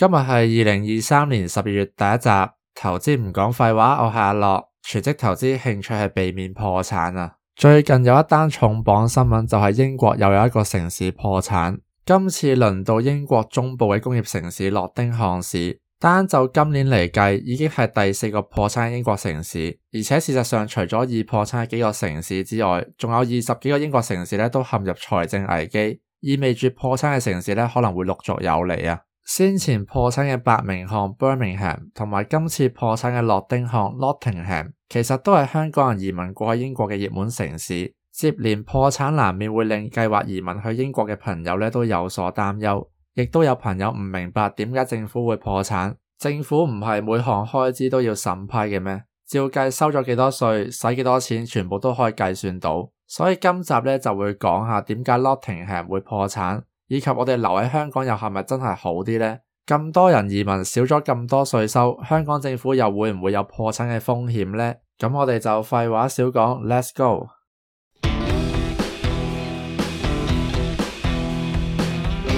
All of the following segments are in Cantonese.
今日係二零二三年十二月第一集，投資唔講廢話，我係阿樂，全職投資興趣係避免破產啊！最近有一單重磅新聞，就係英國又有一個城市破產，今次輪到英國中部嘅工業城市諾丁漢市，單就今年嚟計，已經係第四個破產嘅英國城市，而且事實上，除咗已破產嘅幾個城市之外，仲有二十幾個英國城市呢都陷入財政危機，意味住破產嘅城市呢可能會陸續有嚟啊！先前破產嘅伯明翰 Birmingham 同埋今次破產嘅諾丁漢 Nottingham 其實都係香港人移民過去英國嘅熱門城市。接連破產難免會令計劃移民去英國嘅朋友咧都有所擔憂，亦都有朋友唔明白點解政府會破產。政府唔係每項開支都要審批嘅咩？照計收咗幾多稅，使幾多錢，全部都可以計算到。所以今集咧就會講下點解 Nottingham 會破產。以及我哋留喺香港又係咪真係好啲呢？咁多人移民少咗咁多稅收，香港政府又會唔會有破產嘅風險呢？咁我哋就廢話少講，Let's go！嗯、嗯、嗯。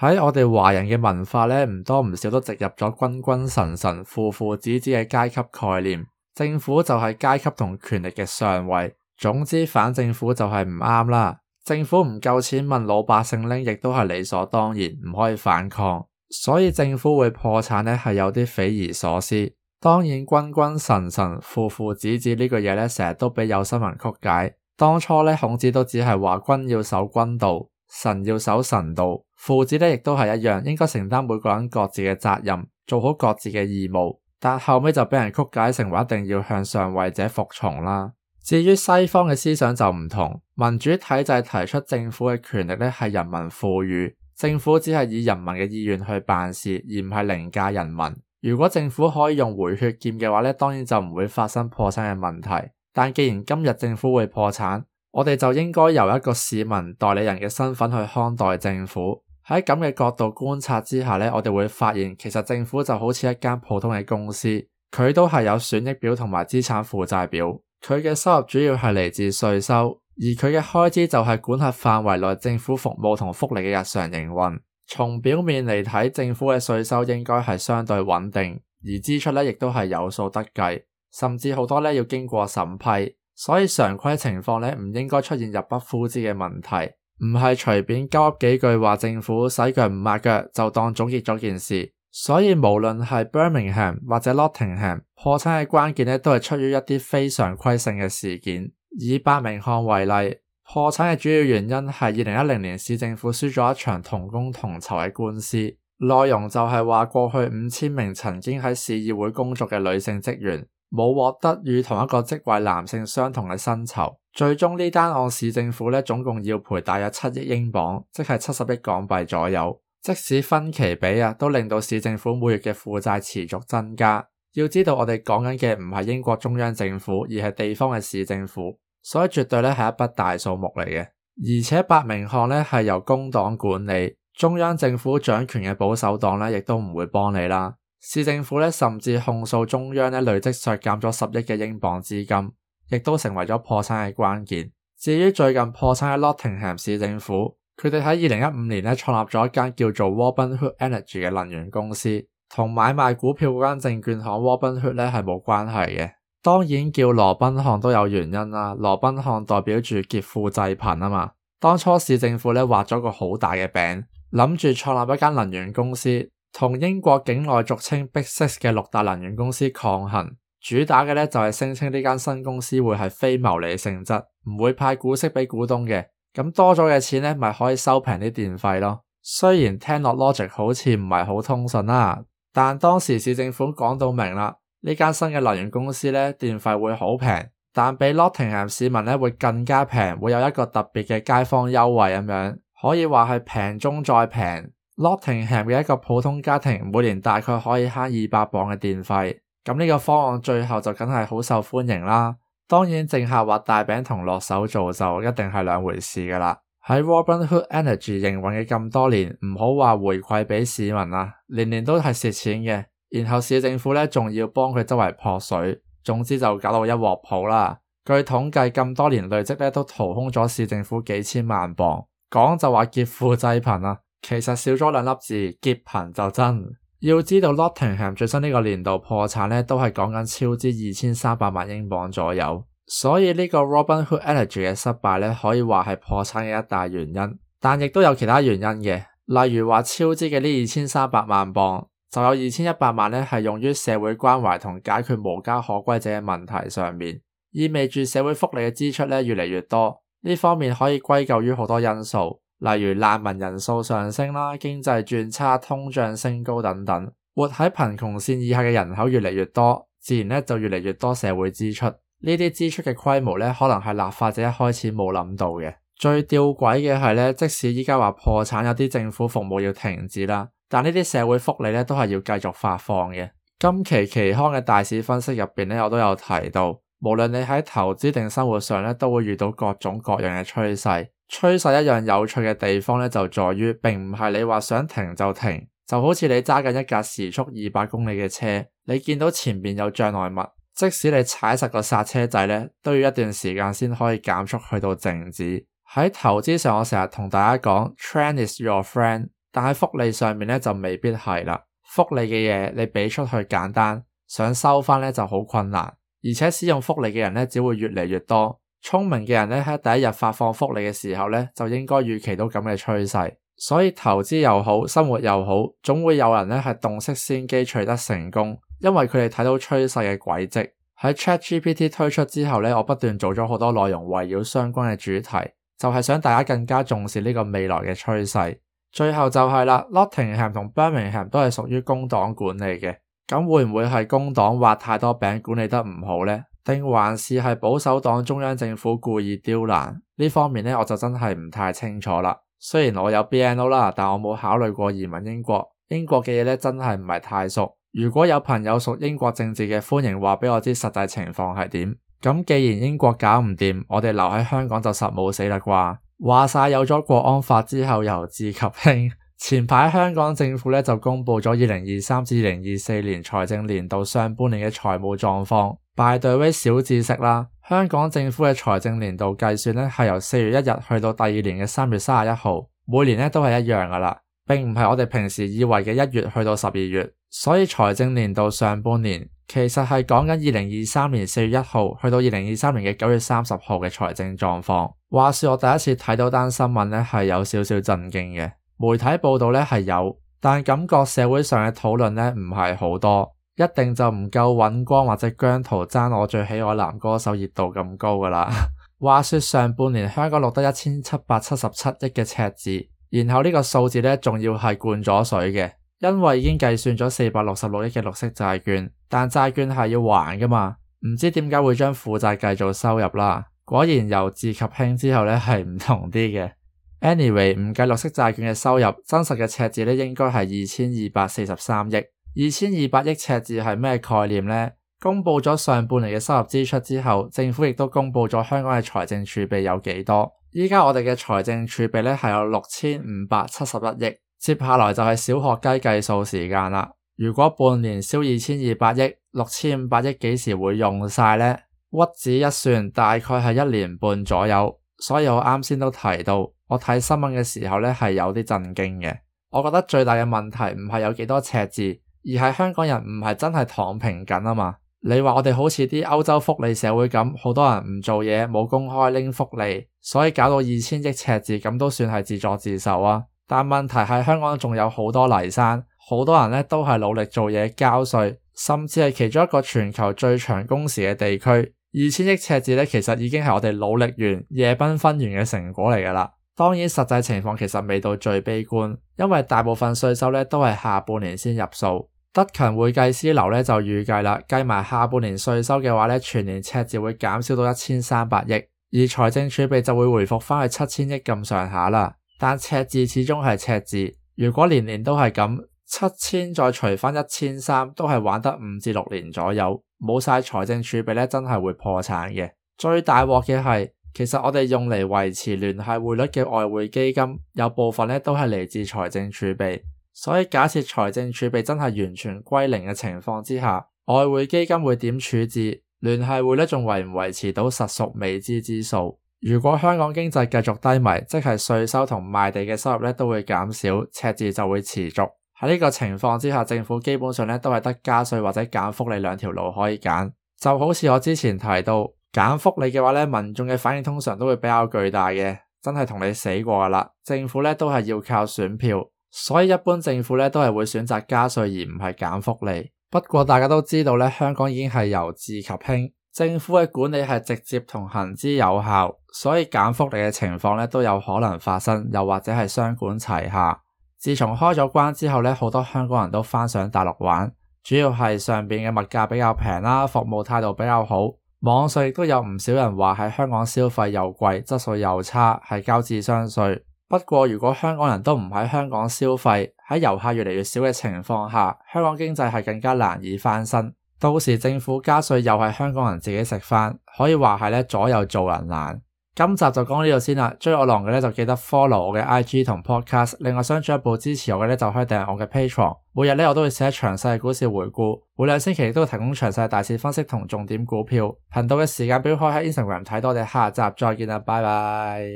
哎，喺我哋華人嘅文化呢，唔多唔少都植入咗君君臣臣、父父子子嘅階級概念。政府就係階級同權力嘅上位，總之反政府就係唔啱啦。政府唔夠錢問老百姓拎，亦都係理所當然，唔可以反抗。所以政府會破產呢，係有啲匪夷所思。當然，君君臣臣，父父子子呢個嘢呢，成日都俾有心人曲解。當初呢，孔子都只係話君要守君道，臣要守臣道，父子呢，亦都係一樣，應該承擔每個人各自嘅責任，做好各自嘅義務。但後尾就俾人曲解成話一定要向上位者服從啦。至於西方嘅思想就唔同，民主體制提出政府嘅權力呢，係人民賦予，政府只係以人民嘅意願去辦事，而唔係凌駕人民。如果政府可以用回血劍嘅話呢，當然就唔會發生破產嘅問題。但既然今日政府會破產，我哋就應該由一個市民代理人嘅身份去看待政府。喺咁嘅角度觀察之下呢，我哋會發現，其實政府就好似一間普通嘅公司，佢都係有損益表同埋資產負債表，佢嘅收入主要係嚟自稅收，而佢嘅開支就係管轄範圍內政府服務同福利嘅日常營運。從表面嚟睇，政府嘅稅收應該係相對穩定，而支出呢亦都係有數得計，甚至好多呢要經過審批，所以常規情況呢唔應該出現入不敷支嘅問題。唔係隨便交幾句話，政府使腳唔抹腳就當總結咗件事。所以無論係 Birmingham 或者 Nottingham，破產嘅關鍵咧都係出於一啲非常規性嘅事件。以 Birmingham 為例，破產嘅主要原因係二零一零年市政府輸咗一場同工同酬嘅官司，內容就係話過去五千名曾經喺市議會工作嘅女性職員。冇獲得與同一個職位男性相同嘅薪酬，最終呢單案市政府呢總共要賠大約七億英鎊，即係七十億港幣左右。即使分期俾啊，都令到市政府每月嘅負債持續增加。要知道我哋講緊嘅唔係英國中央政府，而係地方嘅市政府，所以絕對咧係一筆大數目嚟嘅。而且伯明翰呢係由工黨管理，中央政府掌權嘅保守黨呢亦都唔會幫你啦。市政府咧，甚至控訴中央咧，累積削減咗十億嘅英鎊資金，亦都成為咗破產嘅關鍵。至於最近破產嘅 Nottingham 市政府，佢哋喺二零一五年咧，創立咗一間叫做 Robin Hood Energy 嘅能源公司，同買賣股票嗰間證券行 Robin Hood 咧，係冇關係嘅。當然叫羅賓漢都有原因啦，羅賓漢代表住劫富濟貧啊嘛。當初市政府咧，畫咗個好大嘅餅，諗住創立一間能源公司。同英國境內俗稱 Big Six 嘅六大能源公司抗衡，主打嘅咧就係聲稱呢間新公司會係非牟利性質，唔會派股息俾股東嘅，咁多咗嘅錢咧咪可以收平啲電費咯。雖然聽落 logic 好似唔係好通順啦，但當時市政府講到明啦，呢間新嘅能源公司咧電費會好平，但比 Nottingham 市民咧會更加平，會有一個特別嘅街坊優惠咁樣，可以話係平中再平。Nottingham 嘅一個普通家庭每年大概可以慳二百磅嘅電費，咁呢個方案最後就梗係好受歡迎啦。當然政客畫大餅同落手做就一定係兩回事噶啦。喺 Robin Hood Energy 營運嘅咁多年，唔好話回饋俾市民啦，啊，年年都係蝕錢嘅，然後市政府呢仲要幫佢周圍破水，總之就搞到一鑊泡啦。據統計咁多年累積咧都掏空咗市政府幾千萬磅，講就話劫富濟貧啦。其實少咗兩粒字，劫貧就真。要知道 Nottingham 最新呢個年度破產咧，都係講緊超支二千三百萬英鎊左右。所以呢個 Robin Hood Energy 嘅失敗咧，可以話係破產嘅一大原因。但亦都有其他原因嘅，例如話超支嘅呢二千三百萬鎊，就有二千一百萬咧係用於社會關懷同解決無家可歸者嘅問題上面，意味住社會福利嘅支出咧越嚟越多。呢方面可以歸咎於好多因素。例如難民人數上升啦，經濟轉差，通脹升高等等，活喺貧窮綫以下嘅人口越嚟越多，自然咧就越嚟越多社會支出。呢啲支出嘅規模咧，可能係立法者一開始冇諗到嘅。最吊詭嘅係咧，即使依家話破產，有啲政府服務要停止啦，但呢啲社會福利咧都係要繼續發放嘅。今期期刊嘅大市分析入面咧，我都有提到，無論你喺投資定生活上咧，都會遇到各種各樣嘅趨勢。趨勢一樣有趣嘅地方咧，就在於並唔係你話想停就停，就好似你揸緊一架時速二百公里嘅車，你見到前面有障礙物，即使你踩實個剎車掣咧，都要一段時間先可以減速去到靜止。喺投資上，我成日同大家講 trend is your friend，但喺福利上面咧就未必係啦。福利嘅嘢你俾出去簡單，想收翻咧就好困難，而且使用福利嘅人咧只會越嚟越多。聰明嘅人咧喺第一日發放福利嘅時候咧就應該預期到咁嘅趨勢，所以投資又好，生活又好，總會有人咧係洞悉先機，取得成功，因為佢哋睇到趨勢嘅軌跡。喺 ChatGPT 推出之後咧，我不斷做咗好多內容圍繞相關嘅主題，就係、是、想大家更加重視呢個未來嘅趨勢。最後就係啦 Nottingham 同 Birmingham 都係屬於工黨管理嘅，咁會唔會係工黨畫太多餅，管理得唔好咧？定還是係保守黨中央政府故意刁難？呢方面呢，我就真係唔太清楚啦。雖然我有 BNO 啦，但我冇考慮過移民英國。英國嘅嘢咧真係唔係太熟。如果有朋友熟英國政治嘅，歡迎話俾我知實際情況係點。咁既然英國搞唔掂，我哋留喺香港就實冇死啦啩。話晒，有咗國安法之後，由治及興， 前排香港政府呢，就公布咗二零二三至二零二四年財政年度上半年嘅財務狀況。By the way，小知識啦，香港政府嘅財政年度計算咧係由四月一日去到第二年嘅三月三十一號，每年咧都係一樣噶啦，並唔係我哋平時以為嘅一月去到十二月，所以財政年度上半年其實係講緊二零二三年四月一號去到二零二三年嘅九月三十號嘅財政狀況。話說我第一次睇到單新聞咧係有少少震驚嘅，媒體報道咧係有，但感覺社會上嘅討論咧唔係好多。一定就唔夠尹光或者姜濤爭我最喜愛男歌手熱度咁高噶啦。 話說上半年香港錄得一千七百七十七億嘅赤字，然後呢個數字呢仲要係灌咗水嘅，因為已經計算咗四百六十六億嘅綠色債券，但債券係要還噶嘛，唔知點解會將負債計做收入啦。果然由治及興之後呢係唔同啲嘅。anyway，唔計綠色債券嘅收入，真實嘅赤字咧應該係二千二百四十三億。二千二百億赤字係咩概念呢？公布咗上半年嘅收入支出之後，政府亦都公布咗香港嘅財政儲備有幾多？依家我哋嘅財政儲備咧係有六千五百七十一億。接下來就係小學雞計數時間啦。如果半年燒二千二百億，六千五百億幾時會用晒呢？屈指一算，大概係一年半左右。所以我啱先都提到，我睇新聞嘅時候咧係有啲震驚嘅。我覺得最大嘅問題唔係有幾多赤字。而係香港人唔係真係躺平緊啊嘛？你話我哋好似啲歐洲福利社會咁，好多人唔做嘢，冇公開拎福利，所以搞到二千億赤字咁，都算係自作自受啊！但問題係香港仲有好多泥山，好多人咧都係努力做嘢交稅，甚至係其中一個全球最長工時嘅地區。二千億赤字咧，其實已經係我哋努力完、夜奔分完嘅成果嚟噶啦。當然實際情況其實未到最悲觀，因為大部分稅收咧都係下半年先入數。德勤會計師樓咧就預計啦，計埋下半年稅收嘅話咧，全年赤字會減少到一千三百億，而財政儲備就會回復翻去七千億咁上下啦。但赤字始終係赤字，如果年年都係咁，七千再除翻一千三，都係玩得五至六年左右，冇晒財政儲備咧，真係會破產嘅。最大鑊嘅係，其實我哋用嚟維持聯繫匯率嘅外匯基金，有部分咧都係嚟自財政儲備。所以假設財政儲備真係完全歸零嘅情況之下，外匯基金會點處置？聯繫匯率仲維唔維持到實屬未知之數。如果香港經濟繼續低迷，即係稅收同賣地嘅收入咧都會減少，赤字就會持續。喺呢個情況之下，政府基本上咧都係得加稅或者減福利兩條路可以揀。就好似我之前提到，減福利嘅話咧，民眾嘅反應通常都會比較巨大嘅，真係同你死過啦。政府咧都係要靠選票。所以一般政府咧都係會選擇加稅而唔係減福利。不過大家都知道咧，香港已經係由治及興，政府嘅管理係直接同行之有效，所以減福利嘅情況咧都有可能發生，又或者係雙管齊下。自從開咗關之後咧，好多香港人都返上大陸玩，主要係上邊嘅物價比較平啦，服務態度比較好。網上亦都有唔少人話喺香港消費又貴，質素又差，係交智商稅。不過如果香港人都唔喺香港消費，喺遊客越嚟越少嘅情況下，香港經濟係更加難以翻身。到時政府加稅又係香港人自己食翻，可以話係咧左右做人難。今集就講呢度先啦。追我浪嘅咧就記得 follow 我嘅 IG 同 Podcast，另外想進一步支持我嘅咧就可以訂我嘅 Patreon。每日咧我都會寫詳細嘅股市回顧，每兩星期都會提供詳細大市分析同重點股票。頻道嘅時間表可以喺 Instagram 睇。多我哋下集再見啦，拜拜。